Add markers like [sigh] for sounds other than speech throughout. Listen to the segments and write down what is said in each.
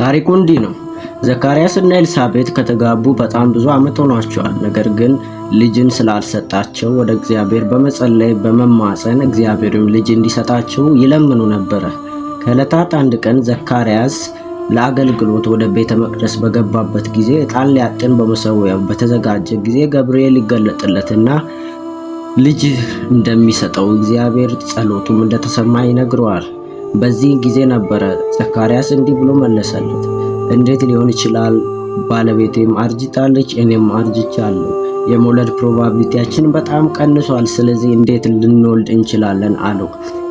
ታሪኩ እንዲህ ነው። ዘካርያስ እና ኤልሳቤት ከተጋቡ በጣም ብዙ ዓመት ሆኗቸዋል። ነገር ግን ልጅን ስላልሰጣቸው ወደ እግዚአብሔር በመጸለይ በመማፀን እግዚአብሔርም ልጅ እንዲሰጣቸው ይለምኑ ነበረ። ከዕለታት አንድ ቀን ዘካርያስ ለአገልግሎት ወደ ቤተ መቅደስ በገባበት ጊዜ ዕጣን ሊያጥን በመሰዊያው በተዘጋጀ ጊዜ ገብርኤል ይገለጥለትና ልጅ እንደሚሰጠው እግዚአብሔር ጸሎቱም እንደተሰማ ይነግረዋል። በዚህ ጊዜ ነበረ ዘካርያስ እንዲህ ብሎ መለሰለት፣ እንዴት ሊሆን ይችላል? ባለቤቴም አርጅታለች፣ እኔም አርጅቻለሁ። የመውለድ ፕሮባቢሊቲያችን በጣም ቀንሷል። ስለዚህ እንዴት ልንወልድ እንችላለን አሉ።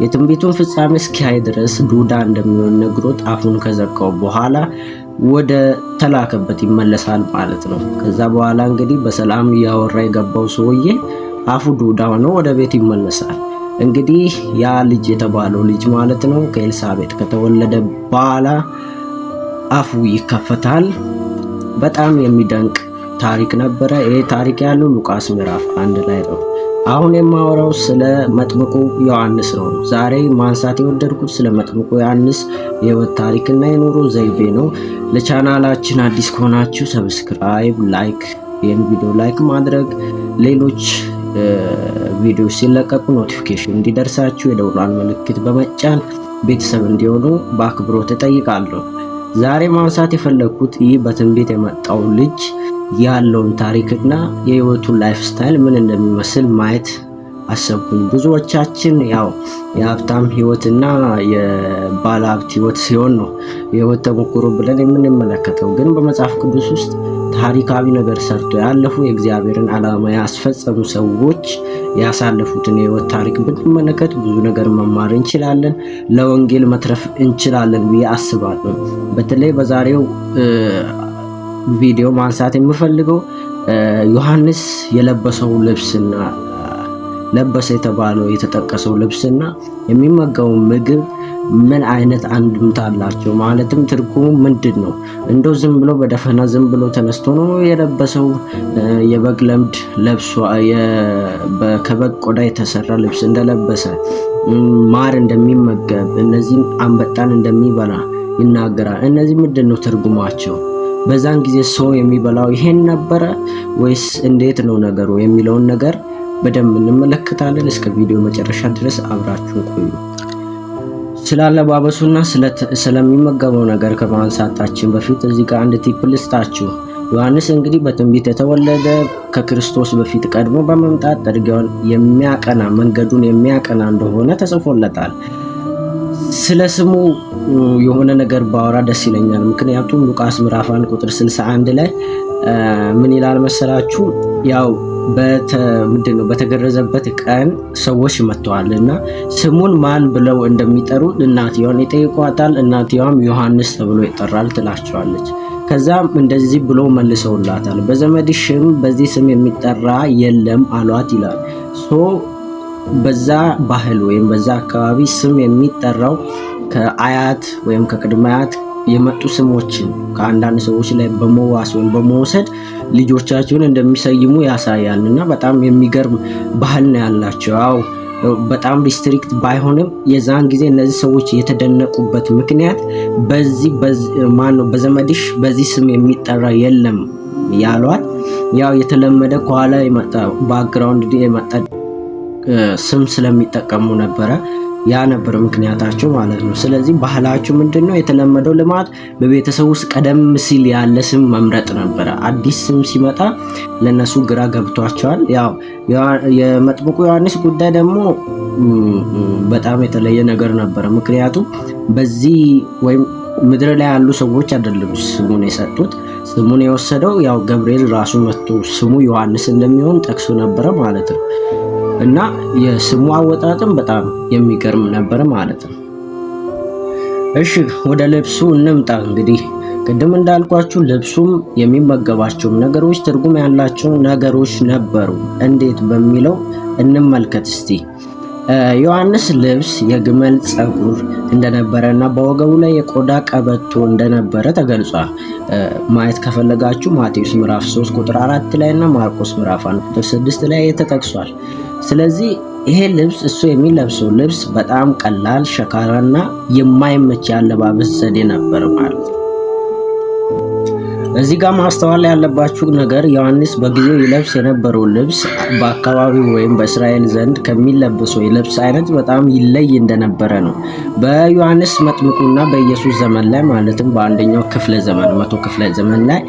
የትንቢቱን ፍጻሜ እስኪያይ ድረስ ዱዳ እንደሚሆን ነግሮት አፉን ከዘጋው በኋላ ወደ ተላከበት ይመለሳል ማለት ነው። ከዛ በኋላ እንግዲህ በሰላም እያወራ የገባው ሰውዬ አፉ ዱዳ ሆኖ ወደ ቤት ይመለሳል። እንግዲህ ያ ልጅ የተባለው ልጅ ማለት ነው ከኤልሳቤጥ ከተወለደ በኋላ አፉ ይከፈታል። በጣም የሚደንቅ ታሪክ ነበረ። ይህ ታሪክ ያለው ሉቃስ ምዕራፍ አንድ ላይ ነው። አሁን የማወራው ስለ መጥምቁ ዮሐንስ ነው። ዛሬ ማንሳት የወደድኩት ስለ መጥምቁ ዮሐንስ የህይወት ታሪክና የኑሮ ዘይቤ ነው። ለቻናላችን አዲስ ከሆናችሁ ሰብስክራይብ፣ ላይክ፣ ይህን ቪዲዮ ላይክ ማድረግ ሌሎች ቪዲዮ ሲለቀቁ ኖቲፊኬሽን እንዲደርሳችሁ የደውሏን ምልክት በመጫን ቤተሰብ እንዲሆኑ በአክብሮት እጠይቃለሁ። ዛሬ ማንሳት የፈለግኩት ይህ በትንቢት የመጣው ልጅ ያለውን ታሪክና የህይወቱን ላይፍ ስታይል ምን እንደሚመስል ማየት አሰብኩኝ። ብዙዎቻችን ያው የሀብታም ህይወትና የባለ ሀብት ህይወት ሲሆን ነው የህይወት ተሞክሮ ብለን የምንመለከተው፣ ግን በመጽሐፍ ቅዱስ ውስጥ ታሪካዊ ነገር ሰርቶ ያለፉ የእግዚአብሔርን ዓላማ ያስፈጸሙ ሰዎች ያሳለፉትን የህይወት ታሪክ ብንመለከት ብዙ ነገር መማር እንችላለን፣ ለወንጌል መትረፍ እንችላለን ብዬ አስባለሁ። በተለይ በዛሬው ቪዲዮ ማንሳት የምፈልገው ዮሐንስ የለበሰው ልብስና ለበሰ የተባለው የተጠቀሰው ልብስና የሚመገበው ምግብ ምን አይነት አንድምታ አላቸው? ማለትም ትርጉሙ ምንድን ነው? እንደው ዝም ብሎ በደፈና ዝም ብሎ ተነስቶ ነው የለበሰው? የበግ ለምድ ለብሶ ከበግ ቆዳ የተሰራ ልብስ እንደለበሰ ማር እንደሚመገብ እነዚህም አንበጣን እንደሚበላ ይናገራል። እነዚህ ምንድን ነው ትርጉማቸው? በዛን ጊዜ ሰው የሚበላው ይሄን ነበረ ወይስ እንዴት ነው ነገሩ የሚለውን ነገር በደንብ እንመለከታለን። እስከ ቪዲዮ መጨረሻ ድረስ አብራችሁን ቆዩ። ስላለባበሱና ስለሚመገበው ነገር ከማንሳታችን በፊት እዚህ ጋር አንድ ቲፕ ልስጣችሁ። ዮሐንስ እንግዲህ በትንቢት የተወለደ ከክርስቶስ በፊት ቀድሞ በመምጣት ጥርጊያውን የሚያቀና መንገዱን የሚያቀና እንደሆነ ተጽፎለታል። ስለ ስሙ የሆነ ነገር ባወራ ደስ ይለኛል። ምክንያቱም ሉቃስ ምዕራፍ 1 ቁጥር 61 ላይ ምን ይላል መሰላችሁ ያው ምንድን ነው በተገረዘበት ቀን ሰዎች መጥተዋል እና ስሙን ማን ብለው እንደሚጠሩ እናትየዋን ይጠይቋታል። እናትየዋም ዮሐንስ ተብሎ ይጠራል ትላቸዋለች። ከዛም እንደዚህ ብሎ መልሰውላታል፣ በዘመድሽም በዚህ ስም የሚጠራ የለም አሏት ይላል። ሶ በዛ ባህል ወይም በዛ አካባቢ ስም የሚጠራው ከአያት ወይም ከቅድመ አያት የመጡ ስሞችን ከአንዳንድ ሰዎች ላይ በመዋስ ወይም በመውሰድ ልጆቻቸውን እንደሚሰይሙ ያሳያል እና በጣም የሚገርም ባህል ነው ያላቸው። ያው በጣም ሪስትሪክት ባይሆንም የዛን ጊዜ እነዚህ ሰዎች የተደነቁበት ምክንያት በዚህ ማነው በዘመድሽ በዚህ ስም የሚጠራ የለም ያሏት ያው የተለመደ ከኋላ የመጣ ባክግራውንድ የመጣ ስም ስለሚጠቀሙ ነበረ። ያ ነበር ምክንያታቸው ማለት ነው። ስለዚህ ባህላችሁ ምንድን ነው? የተለመደው ልማት በቤተሰብ ውስጥ ቀደም ሲል ያለ ስም መምረጥ ነበረ። አዲስ ስም ሲመጣ ለእነሱ ግራ ገብቷቸዋል። ያው የመጥምቁ ዮሐንስ ጉዳይ ደግሞ በጣም የተለየ ነገር ነበረ። ምክንያቱም በዚህ ወይም ምድር ላይ ያሉ ሰዎች አይደለም ስሙን የሰጡት። ስሙን የወሰደው ያው ገብርኤል ራሱ መጥቶ ስሙ ዮሐንስ እንደሚሆን ጠቅሶ ነበረ ማለት ነው። እና የስሙ አወጣጥም በጣም የሚገርም ነበር ማለት ነው። እሺ ወደ ልብሱ እንምጣ እንግዲህ ቅድም እንዳልኳችሁ ልብሱም የሚመገባቸውም ነገሮች ትርጉም ያላቸው ነገሮች ነበሩ። እንዴት በሚለው እንመልከት እስቲ። ዮሐንስ ልብስ የግመል ፀጉር እንደነበረ እና በወገቡ ላይ የቆዳ ቀበቶ እንደነበረ ተገልጿል። ማየት ከፈለጋችሁ ማቴዎስ ምዕራፍ 3 ቁጥር 4 ላይ እና ማርቆስ ምዕራፍ 1 ቁጥር 6 ላይ ተጠቅሷል። ስለዚህ ይሄ ልብስ እሱ የሚለብሰው ልብስ በጣም ቀላል ሸካራና የማይመች ያለባበስ ዘዴ ነበር ማለት ነው። እዚህ ጋር ማስተዋል ያለባችሁ ነገር ዮሐንስ በጊዜው ይለብስ የነበረው ልብስ በአካባቢው ወይም በእስራኤል ዘንድ ከሚለበሰው የልብስ አይነት በጣም ይለይ እንደነበረ ነው። በዮሐንስ መጥምቁና በኢየሱስ ዘመን ላይ ማለትም በአንደኛው ክፍለ ዘመን መቶ ክፍለ ዘመን ላይ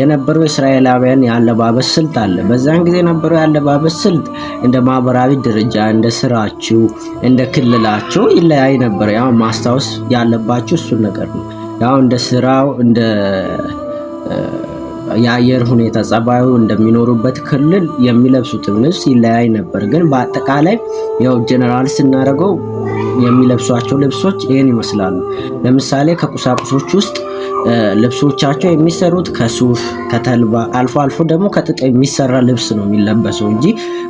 የነበረው እስራኤላውያን የአለባበስ ስልት አለ። በዚያን ጊዜ የነበረው የአለባበስ ስልት እንደ ማህበራዊ ደረጃ፣ እንደ ስራችሁ፣ እንደ ክልላችሁ ይለያይ ነበር። ያው ማስታወስ ያለባችሁ እሱን ነገር ነው። ያው እንደ ስራው እንደ የአየር ሁኔታ ጸባዩ እንደሚኖሩበት ክልል የሚለብሱትም ልብስ ይለያይ ነበር። ግን በአጠቃላይ ያው ጀነራል ስናደርገው የሚለብሷቸው ልብሶች ይህን ይመስላሉ። ለምሳሌ ከቁሳቁሶች ውስጥ ልብሶቻቸው የሚሰሩት ከሱፍ ከተልባ፣ አልፎ አልፎ ደግሞ ከጥጥ የሚሰራ ልብስ ነው የሚለበሰው እንጂ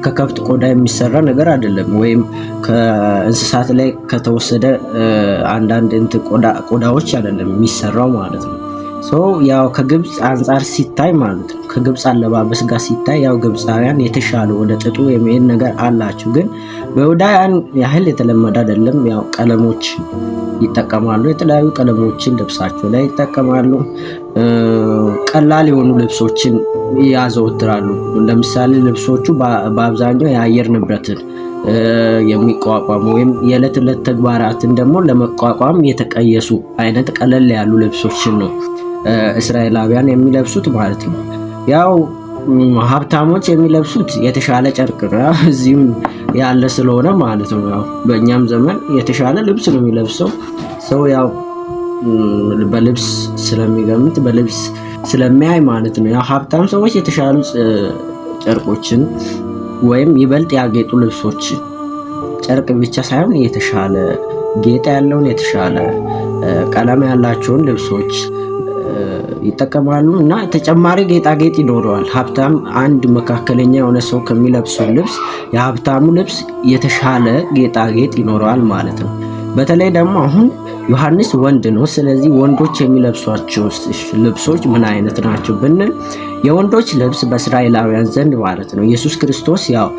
ከከብት ቆዳ የሚሰራ ነገር አይደለም። ወይም ከእንስሳት ላይ ከተወሰደ አንዳንድ ቆዳዎች አይደለም የሚሰራው ማለት ነው። ሰው ያው ከግብፅ አንጻር ሲታይ ማለት ነው ከግብፅ አለባበስ ጋር ሲታይ ያው ግብፃውያን የተሻለ ወደ ጥጡ የሚሄድ ነገር አላቸው። ግን በይሁዳውያን ያህል የተለመደ አይደለም። ያው ቀለሞች ይጠቀማሉ። የተለያዩ ቀለሞችን ልብሳቸው ላይ ይጠቀማሉ። ቀላል የሆኑ ልብሶችን ያዘወትራሉ። ለምሳሌ ልብሶቹ በአብዛኛው የአየር ንብረትን የሚቋቋሙ ወይም የዕለት ዕለት ተግባራትን ደግሞ ለመቋቋም የተቀየሱ አይነት ቀለል ያሉ ልብሶችን ነው እስራኤላውያን የሚለብሱት ማለት ነው። ያው ሀብታሞች የሚለብሱት የተሻለ ጨርቅ እዚህም ያለ ስለሆነ ማለት ነው። ያው በእኛም ዘመን የተሻለ ልብስ ነው የሚለብሰው ሰው ያው በልብስ ስለሚገምት በልብስ ስለሚያይ ማለት ነው። ያው ሀብታም ሰዎች የተሻሉ ጨርቆችን ወይም ይበልጥ ያጌጡ ልብሶችን ጨርቅ ብቻ ሳይሆን የተሻለ ጌጥ ያለውን የተሻለ ቀለም ያላቸውን ልብሶች ይጠቀማሉ እና ተጨማሪ ጌጣጌጥ ይኖረዋል። ሀብታም አንድ መካከለኛ የሆነ ሰው ከሚለብሱ ልብስ የሀብታሙ ልብስ የተሻለ ጌጣጌጥ ይኖረዋል ማለት ነው። በተለይ ደግሞ አሁን ዮሐንስ ወንድ ነው። ስለዚህ ወንዶች የሚለብሷቸው ልብሶች ምን አይነት ናቸው ብንል የወንዶች ልብስ በእስራኤላውያን ዘንድ ማለት ነው ኢየሱስ ክርስቶስ ያው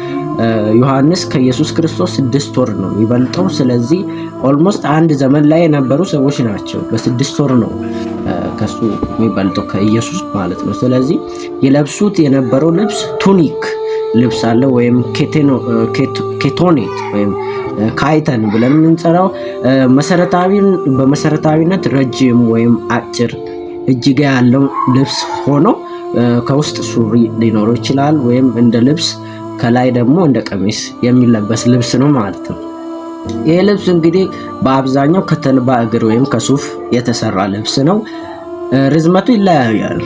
ዮሐንስ ከኢየሱስ ክርስቶስ ስድስት ወር ነው የሚበልጠው። ስለዚህ ኦልሞስት አንድ ዘመን ላይ የነበሩ ሰዎች ናቸው። በስድስት ወር ነው ከሱ የሚበልጠው ከኢየሱስ ማለት ነው። ስለዚህ የለብሱት የነበረው ልብስ ቱኒክ ልብስ አለ ወይም ኬቶኔት ወይም ካይተን ብለን የምንጠራው በመሰረታዊነት ረጅም ወይም አጭር እጅጌ ያለው ልብስ ሆኖ ከውስጥ ሱሪ ሊኖረው ይችላል። ወይም እንደ ልብስ ከላይ ደግሞ እንደ ቀሚስ የሚለበስ ልብስ ነው ማለት ነው። ይህ ልብስ እንግዲህ በአብዛኛው ከተልባ እግር ወይም ከሱፍ የተሰራ ልብስ ነው። ርዝመቱ ይለያያል።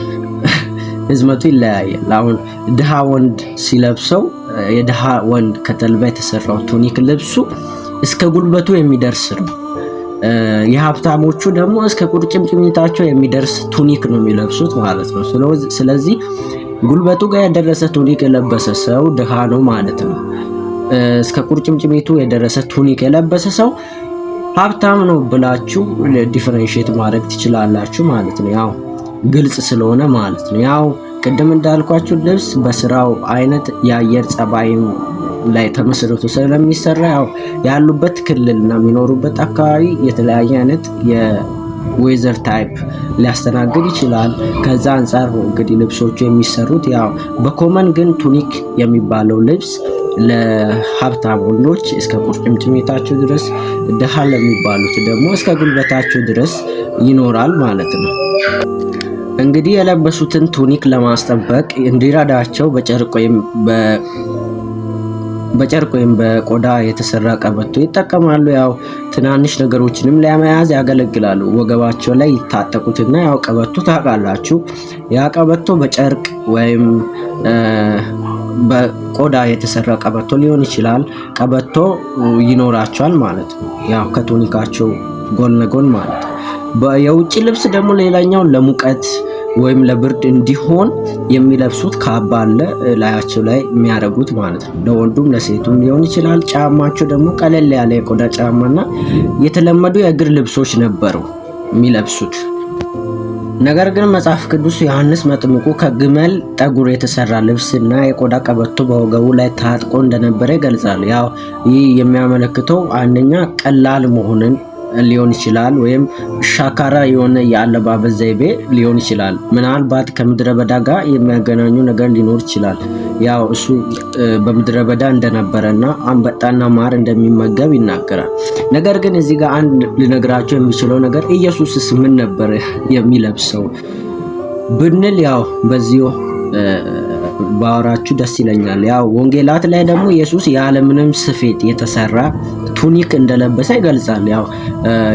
[laughs] ርዝመቱ ይለያያል። አሁን ድሃ ወንድ ሲለብሰው የድሃ ወንድ ከተልባ የተሰራው ቱኒክ ልብሱ እስከ ጉልበቱ የሚደርስ ነው። የሀብታሞቹ ደግሞ እስከ ቁርጭምጭሚታቸው የሚደርስ ቱኒክ ነው የሚለብሱት ማለት ነው። ስለዚህ ጉልበቱ ጋር የደረሰ ቱኒክ የለበሰ ሰው ድሃ ነው ማለት ነው። እስከ ቁርጭምጭሚቱ የደረሰ ቱኒክ የለበሰ ሰው ሀብታም ነው ብላችሁ ዲፈረንሽት ማድረግ ትችላላችሁ ማለት ነው። ያው ግልጽ ስለሆነ ማለት ነው። ያው ቅድም እንዳልኳችሁ ልብስ በስራው አይነት የአየር ጸባይ ላይ ተመስርቶ ስለሚሰራ ያው ያሉበት ክልል ና የሚኖሩበት አካባቢ የተለያየ አይነት የዌዘር ታይፕ ሊያስተናግድ ይችላል። ከዛ አንጻር እንግዲህ ልብሶቹ የሚሰሩት። ያው በኮመን ግን ቱኒክ የሚባለው ልብስ ለሀብታም ወንዶች እስከ ቁርጭምጭሚታቸው ድረስ፣ ድሃ ለሚባሉት ደግሞ እስከ ጉልበታቸው ድረስ ይኖራል ማለት ነው። እንግዲህ የለበሱትን ቱኒክ ለማስጠበቅ እንዲረዳቸው በጨርቅ ወይም በቆዳ የተሰራ ቀበቶ ይጠቀማሉ። ያው ትናንሽ ነገሮችንም ለመያዝ ያገለግላሉ። ወገባቸው ላይ ይታጠቁትና ያው ቀበቶ ታውቃላችሁ። ያ ቀበቶ በጨርቅ ወይም በቆዳ የተሰራ ቀበቶ ሊሆን ይችላል። ቀበቶ ይኖራቸዋል ማለት ነው፣ ያው ከቶኒካቸው ጎን ለጎን ማለት ነው። የውጭ ልብስ ደግሞ ሌላኛው ለሙቀት ወይም ለብርድ እንዲሆን የሚለብሱት ካባ አለ ላያቸው ላይ የሚያደርጉት ማለት ነው። ለወንዱም ለሴቱም ሊሆን ይችላል። ጫማቸው ደግሞ ቀለል ያለ የቆዳ ጫማና የተለመዱ የእግር ልብሶች ነበሩ የሚለብሱት። ነገር ግን መጽሐፍ ቅዱስ ዮሐንስ መጥምቁ ከግመል ጠጉር የተሰራ ልብስና የቆዳ ቀበቶ በወገቡ ላይ ታጥቆ እንደነበረ ይገልጻል። ያው ይህ የሚያመለክተው አንደኛ ቀላል መሆንን ሊሆን ይችላል፣ ወይም ሻካራ የሆነ የአለባበስ ዘይቤ ሊሆን ይችላል። ምናልባት ከምድረ በዳ ጋር የሚያገናኙ ነገር ሊኖር ይችላል። ያው እሱ በምድረ በዳ እንደነበረና አንበጣና ማር እንደሚመገብ ይናገራል። ነገር ግን እዚህ ጋር አንድ ልነግራቸው የሚችለው ነገር ኢየሱስስ ምን ነበር የሚለብሰው ብንል ያው በዚሁ ባወራችሁ ደስ ይለኛል። ያው ወንጌላት ላይ ደግሞ ኢየሱስ ያለምንም ስፌት የተሰራ ቱኒክ እንደለበሰ ይገልጻል። ያው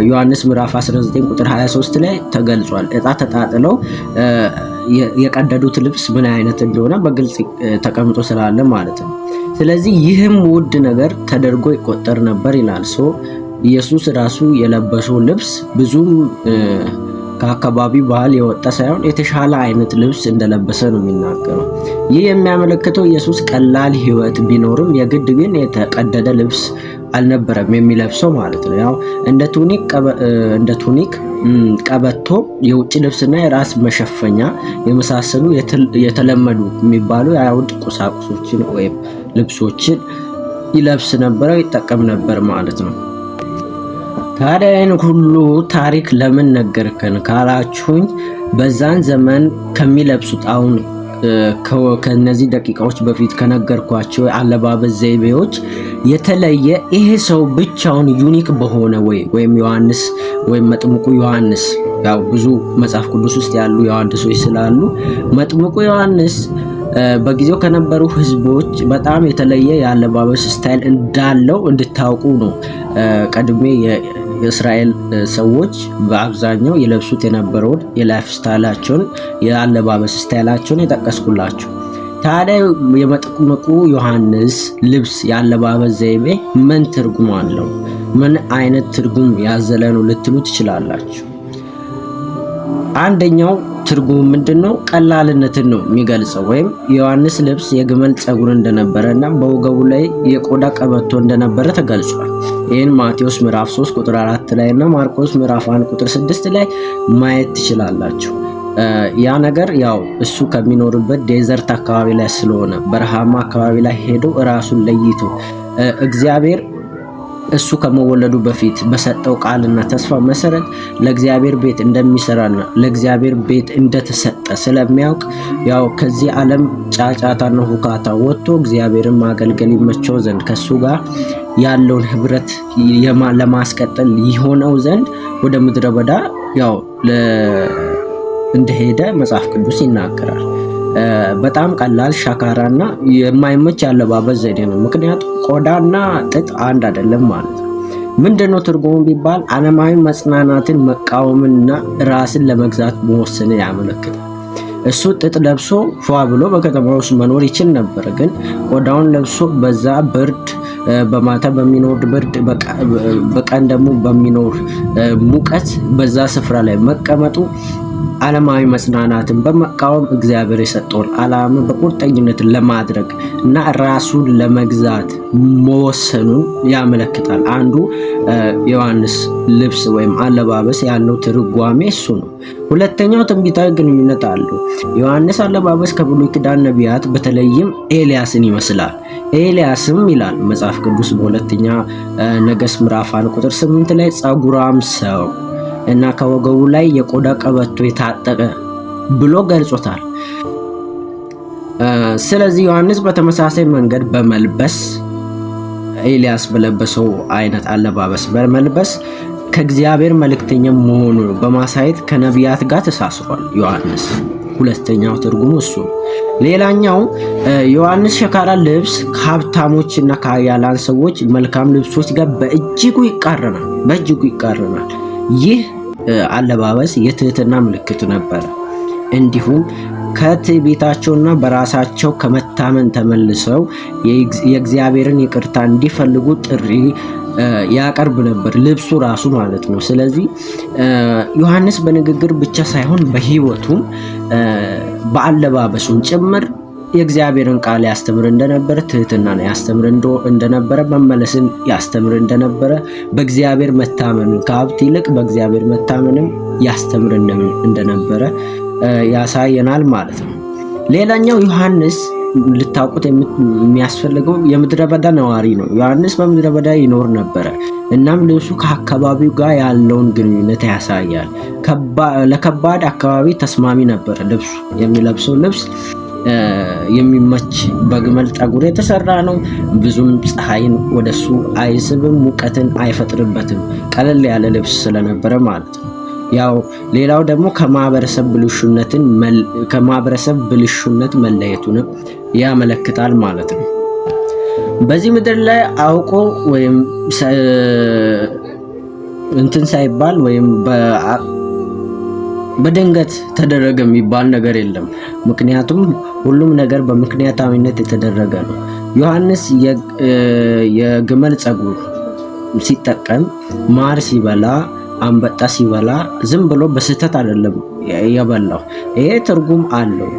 ዮሐንስ ምዕራፍ 19 ቁጥር 23 ላይ ተገልጿል። እጣ ተጣጥለው የቀደዱት ልብስ ምን አይነት እንደሆነ በግልጽ ተቀምጦ ስላለ ማለት ነው። ስለዚህ ይህም ውድ ነገር ተደርጎ ይቆጠር ነበር ይላል። ሶ ኢየሱስ ራሱ የለበሰው ልብስ ብዙም ከአካባቢ ባህል የወጣ ሳይሆን የተሻለ አይነት ልብስ እንደለበሰ ነው የሚናገረው። ይህ የሚያመለክተው ኢየሱስ ቀላል ሕይወት ቢኖርም የግድ ግን የተቀደደ ልብስ አልነበረም የሚለብሰው ማለት ነው። ያው እንደ ቱኒክ እንደ ቱኒክ ቀበቶ፣ የውጭ ልብስና የራስ መሸፈኛ የመሳሰሉ የተለመዱ የሚባሉ የአይሁድ ቁሳቁሶችን ወይም ልብሶችን ይለብስ ነበረ፣ ይጠቀም ነበር ማለት ነው። ታዲያ ይህን ሁሉ ታሪክ ለምን ነገርከን ካላችሁኝ በዛን ዘመን ከሚለብሱት አሁን ከነዚህ ደቂቃዎች በፊት ከነገርኳቸው የአለባበስ ዘይቤዎች የተለየ ይሄ ሰው ብቻውን ዩኒክ በሆነ ወይ ወይም ዮሐንስ ወይም መጥምቁ ዮሐንስ ያው ብዙ መጽሐፍ ቅዱስ ውስጥ ያሉ ዮሐንሶች ስላሉ መጥምቁ ዮሐንስ በጊዜው ከነበሩ ህዝቦች በጣም የተለየ የአለባበስ ስታይል እንዳለው እንድታውቁ ነው ቀድሜ የእስራኤል ሰዎች በአብዛኛው የለብሱት የነበረውን የላይፍ ስታይላቸውን የአለባበስ ስታይላቸውን የጠቀስኩላቸው። ታዲያ የመጥምቁ ዮሐንስ ልብስ የአለባበስ ዘይቤ ምን ትርጉም አለው? ምን አይነት ትርጉም ያዘለ ነው ልትሉ ትችላላችሁ። አንደኛው ትርጉሙ ምንድን ነው? ቀላልነትን ነው የሚገልጸው። ወይም የዮሐንስ ልብስ የግመል ፀጉር እንደነበረ እና በወገቡ ላይ የቆዳ ቀበቶ እንደነበረ ተገልጿል። ይህን ማቴዎስ ምዕራፍ 3 ቁጥር 4 ላይ እና ማርቆስ ምዕራፍ 1 ቁጥር 6 ላይ ማየት ትችላላችሁ። ያ ነገር ያው እሱ ከሚኖርበት ዴዘርት አካባቢ ላይ ስለሆነ በረሃማ አካባቢ ላይ ሄዶ እራሱን ለይቶ እግዚአብሔር እሱ ከመወለዱ በፊት በሰጠው ቃልና ተስፋ መሰረት ለእግዚአብሔር ቤት እንደሚሰራና ለእግዚአብሔር ቤት እንደተሰጠ ስለሚያውቅ ያው ከዚህ ዓለም ጫጫታና ሁካታ ወጥቶ እግዚአብሔርን ማገልገል ይመቸው ዘንድ ከእሱ ጋር ያለውን ህብረት ለማስቀጠል ይሆነው ዘንድ ወደ ምድረ በዳ ያው እንደሄደ መጽሐፍ ቅዱስ ይናገራል። በጣም ቀላል ሻካራና የማይመች ያለባበስ ዘዴ ነው። ምክንያቱም ቆዳና ጥጥ አንድ አይደለም ማለት ነው። ምንድነው ትርጉሙ ቢባል ዓለማዊ መጽናናትን መቃወምና ራስን ለመግዛት መወሰን ያመለክታል። እሱ ጥጥ ለብሶ ፏ ብሎ በከተማ ውስጥ መኖር ይችል ነበር፣ ግን ቆዳውን ለብሶ በዛ ብርድ በማታ በሚኖር ብርድ፣ በቀን ደግሞ በሚኖር ሙቀት በዛ ስፍራ ላይ መቀመጡ ዓለማዊ መጽናናትን በመቃወም እግዚአብሔር የሰጠውን ዓላማ በቁርጠኝነት ለማድረግ እና ራሱን ለመግዛት መወሰኑን ያመለክታል። አንዱ ዮሐንስ ልብስ ወይም አለባበስ ያለው ትርጓሜ እሱ ነው። ሁለተኛው ትንቢታዊ ግንኙነት አለው። ዮሐንስ አለባበስ ከብሉይ ኪዳን ነቢያት በተለይም ኤልያስን ይመስላል። ኤልያስም ይላል መጽሐፍ ቅዱስ በሁለተኛ ነገሥት ምዕራፍ አንድ ቁጥር ስምንት ላይ ጸጉራም ሰው እና ከወገቡ ላይ የቆዳ ቀበቶ የታጠቀ ብሎ ገልጾታል። ስለዚህ ዮሐንስ በተመሳሳይ መንገድ በመልበስ ኤልያስ በለበሰው አይነት አለባበስ በመልበስ ከእግዚአብሔር መልእክተኛ መሆኑ በማሳየት ከነቢያት ጋር ተሳስሯል። ዮሐንስ ሁለተኛው ትርጉም እሱ። ሌላኛው ዮሐንስ ሸካራ ልብስ ከሀብታሞች እና ከኃያላን ሰዎች መልካም ልብሶች ጋር በእጅጉ ይቃረናል፣ በእጅጉ ይቃረናል። ይህ አለባበስ የትህትና ምልክት ነበረ። እንዲሁም ከትዕቢታቸውና በራሳቸው ከመታመን ተመልሰው የእግዚአብሔርን ይቅርታ እንዲፈልጉ ጥሪ ያቀርብ ነበር፣ ልብሱ ራሱ ማለት ነው። ስለዚህ ዮሐንስ በንግግር ብቻ ሳይሆን በሕይወቱም በአለባበሱን ጭምር የእግዚአብሔርን ቃል ያስተምር እንደነበረ ትህትና ያስተምር እንደነበረ መመለስን ያስተምር እንደነበረ በእግዚአብሔር መታመን ከሀብት ይልቅ በእግዚአብሔር መታመንም ያስተምር እንደነበረ ያሳየናል ማለት ነው። ሌላኛው ዮሐንስ ልታውቁት የሚያስፈልገው የምድረ በዳ ነዋሪ ነው። ዮሐንስ በምድረ በዳ ይኖር ነበረ። እናም ልብሱ ከአካባቢው ጋር ያለውን ግንኙነት ያሳያል። ለከባድ አካባቢ ተስማሚ ነበረ ልብሱ የሚለብሰው ልብስ የሚመች በግመል ጠጉር የተሰራ ነው። ብዙም ፀሐይን ወደሱ አይስብም፣ ሙቀትን አይፈጥርበትም። ቀለል ያለ ልብስ ስለነበረ ማለት ነው። ያው ሌላው ደግሞ ከማህበረሰብ ብልሹነትን ከማህበረሰብ ብልሹነት መለየቱንም ያመለክታል ማለት ነው። በዚህ ምድር ላይ አውቆ ወይም እንትን ሳይባል ወይም በድንገት ተደረገ የሚባል ነገር የለም። ምክንያቱም ሁሉም ነገር በምክንያታዊነት የተደረገ ነው። ዮሐንስ የግመል ጸጉር ሲጠቀም፣ ማር ሲበላ አንበጣ ሲበላ ዝም ብሎ በስህተት አይደለም የበላው። ይሄ ትርጉም አለው።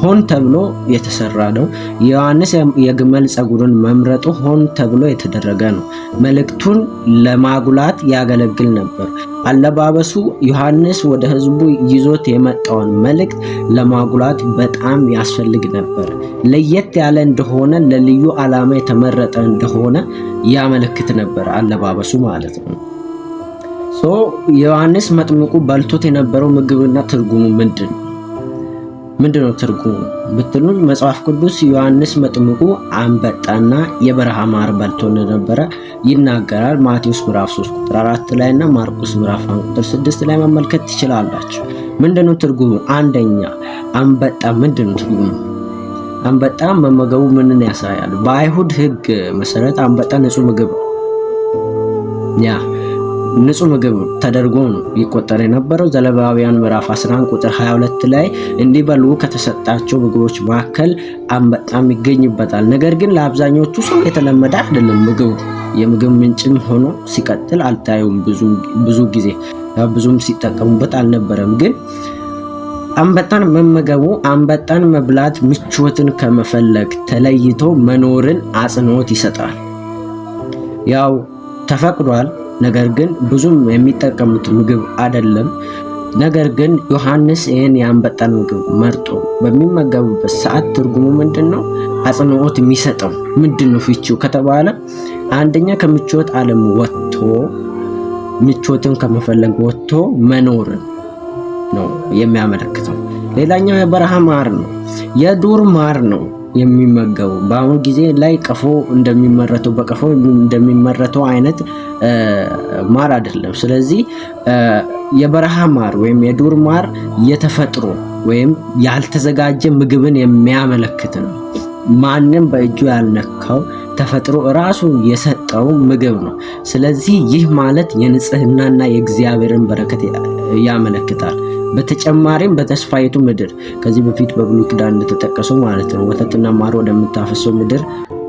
ሆን ተብሎ የተሰራ ነው። ዮሐንስ የግመል ጸጉርን መምረጡ ሆን ተብሎ የተደረገ ነው። መልእክቱን ለማጉላት ያገለግል ነበር። አለባበሱ ዮሐንስ ወደ ሕዝቡ ይዞት የመጣውን መልእክት ለማጉላት በጣም ያስፈልግ ነበር። ለየት ያለ እንደሆነ፣ ለልዩ ዓላማ የተመረጠ እንደሆነ ያመለክት ነበር አለባበሱ ማለት ነው። ዮሐንስ መጥምቁ በልቶት የነበረው ምግብና ትርጉሙ ምንድን ምንድን ነው ትርጉሙ ብትሉን መጽሐፍ ቅዱስ ዮሐንስ መጥምቁ አንበጣና የበረሃ ማር በልቶ እንደነበረ ይናገራል። ማቴዎስ ምዕራፍ 3 ቁጥር 4 ላይ እና ማርቆስ ምዕራፍ 1 ቁጥር 6 ላይ መመልከት ትችላላችሁ። ምንድን ነው ትርጉሙ? አንደኛ አንበጣ ምንድን ነው ትርጉሙ? አንበጣ መመገቡ ምንን ያሳያል? በአይሁድ ሕግ መሰረት አንበጣ ንጹህ ምግብ ያ ንጹህ ምግብ ተደርጎ ነው ይቆጠር የነበረው። ዘሌዋውያን ምዕራፍ 11 ቁጥር 22 ላይ እንዲበሉ ከተሰጣቸው ምግቦች መካከል አንበጣም ይገኝበታል። ነገር ግን ለአብዛኞቹ ሰው የተለመደ አይደለም ምግቡ የምግብ ምንጭም ሆኖ ሲቀጥል አልታዩም። ብዙ ጊዜ ብዙም ሲጠቀሙበት አልነበረም። ግን አንበጣን መመገቡ አንበጣን መብላት ምቾትን ከመፈለግ ተለይቶ መኖርን አጽንኦት ይሰጣል። ያው ተፈቅዷል ነገር ግን ብዙም የሚጠቀሙት ምግብ አይደለም። ነገር ግን ዮሐንስ ይህን የአንበጣን ምግብ መርጦ በሚመገቡበት ሰዓት ትርጉሙ ምንድን ነው? አጽንኦት የሚሰጠው ምንድን ነው ፍቺው ከተባለ አንደኛ ከምቾት ዓለም ወጥቶ ምቾትን ከመፈለግ ወጥቶ መኖርን ነው የሚያመለክተው። ሌላኛው የበረሃ ማር ነው፣ የዱር ማር ነው። የሚመገቡ በአሁኑ ጊዜ ላይ ቀፎ እንደሚመረተው በቀፎ እንደሚመረተው አይነት ማር አይደለም። ስለዚህ የበረሃ ማር ወይም የዱር ማር የተፈጥሮ ወይም ያልተዘጋጀ ምግብን የሚያመለክት ነው። ማንም በእጁ ያልነካው ተፈጥሮ ራሱ የሰጠው ምግብ ነው። ስለዚህ ይህ ማለት የንጽህናና የእግዚአብሔርን በረከት ያመለክታል። በተጨማሪም በተስፋይቱ ምድር ከዚህ በፊት በብሉይ ኪዳን እንደተጠቀሰው ማለት ነው ወተትና ማር ወደምታፈሰው ምድር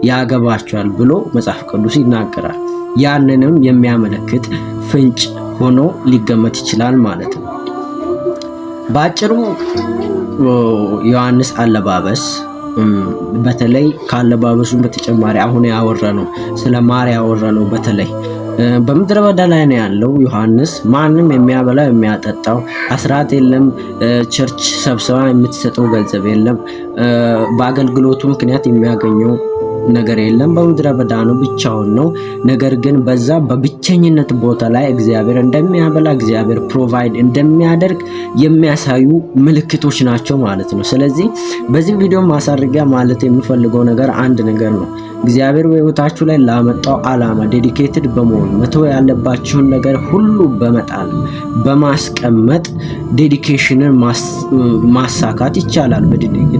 ያገባቸዋል ብሎ መጽሐፍ ቅዱስ ይናገራል። ያንንም የሚያመለክት ፍንጭ ሆኖ ሊገመት ይችላል ማለት ነው። በአጭሩ ዮሐንስ አለባበስ በተለይ ከአለባበሱን በተጨማሪ አሁን ያወራ ነው ስለ ማር ያወራ ነው በተለይ በምድረ በዳ ላይ ነው ያለው ዮሐንስ። ማንም የሚያበላው የሚያጠጣው አስራት የለም፣ ቸርች ሰብስባ የምትሰጠው ገንዘብ የለም፣ በአገልግሎቱ ምክንያት የሚያገኘው ነገር የለም። በምድረ በዳ ነው፣ ብቻውን ነው። ነገር ግን በዛ በብቸኝነት ቦታ ላይ እግዚአብሔር እንደሚያበላ እግዚአብሔር ፕሮቫይድ እንደሚያደርግ የሚያሳዩ ምልክቶች ናቸው ማለት ነው። ስለዚህ በዚህ ቪዲዮ ማሳርጊያ ማለት የሚፈልገው ነገር አንድ ነገር ነው። እግዚአብሔር በሕይወታችሁ ላይ ላመጣው ዓላማ ዴዲኬትድ በመሆን መተው ያለባችሁን ነገር ሁሉ በመጣል በማስቀመጥ ዴዲኬሽንን ማሳካት ይቻላል።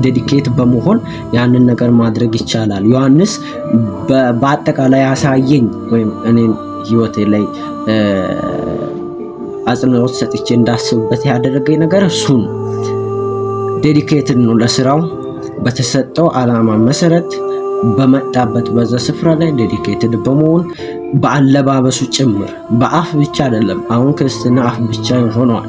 ዴዲኬት በመሆን ያንን ነገር ማድረግ ይቻላል። ዮሐንስ በአጠቃላይ ያሳየኝ ወይም እኔን ህይወቴ ላይ አጽንኦት ሰጥቼ እንዳስብበት ያደረገኝ ነገር እሱን ዴዲኬትድ ነው ለስራው በተሰጠው ዓላማ መሰረት በመጣበት በዛ ስፍራ ላይ ዴዲኬትድ በመሆን በአለባበሱ ጭምር በአፍ ብቻ አይደለም። አሁን ክርስትና አፍ ብቻ ሆኗል፣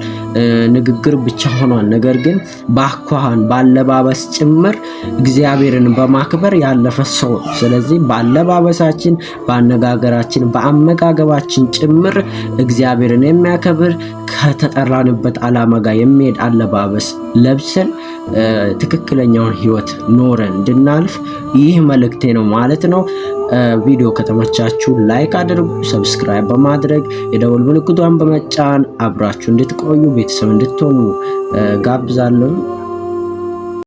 ንግግር ብቻ ሆኗል። ነገር ግን በአኳኋን በአለባበስ ጭምር እግዚአብሔርን በማክበር ያለፈ ሰው። ስለዚህ በአለባበሳችን፣ በአነጋገራችን፣ በአመጋገባችን ጭምር እግዚአብሔርን የሚያከብር ከተጠራንበት ዓላማ ጋር የሚሄድ አለባበስ ለብሰን ትክክለኛውን ህይወት ኖረን እንድናልፍ ይህ መልእክቴ ነው ማለት ነው። ቪዲዮ ከተመቻችሁ ላይክ አድርጉ፣ ሰብስክራይብ በማድረግ የደወል ምልክቷን በመጫን አብራችሁ እንድትቆዩ ቤተሰብ እንድትሆኑ ጋብዛለሁ።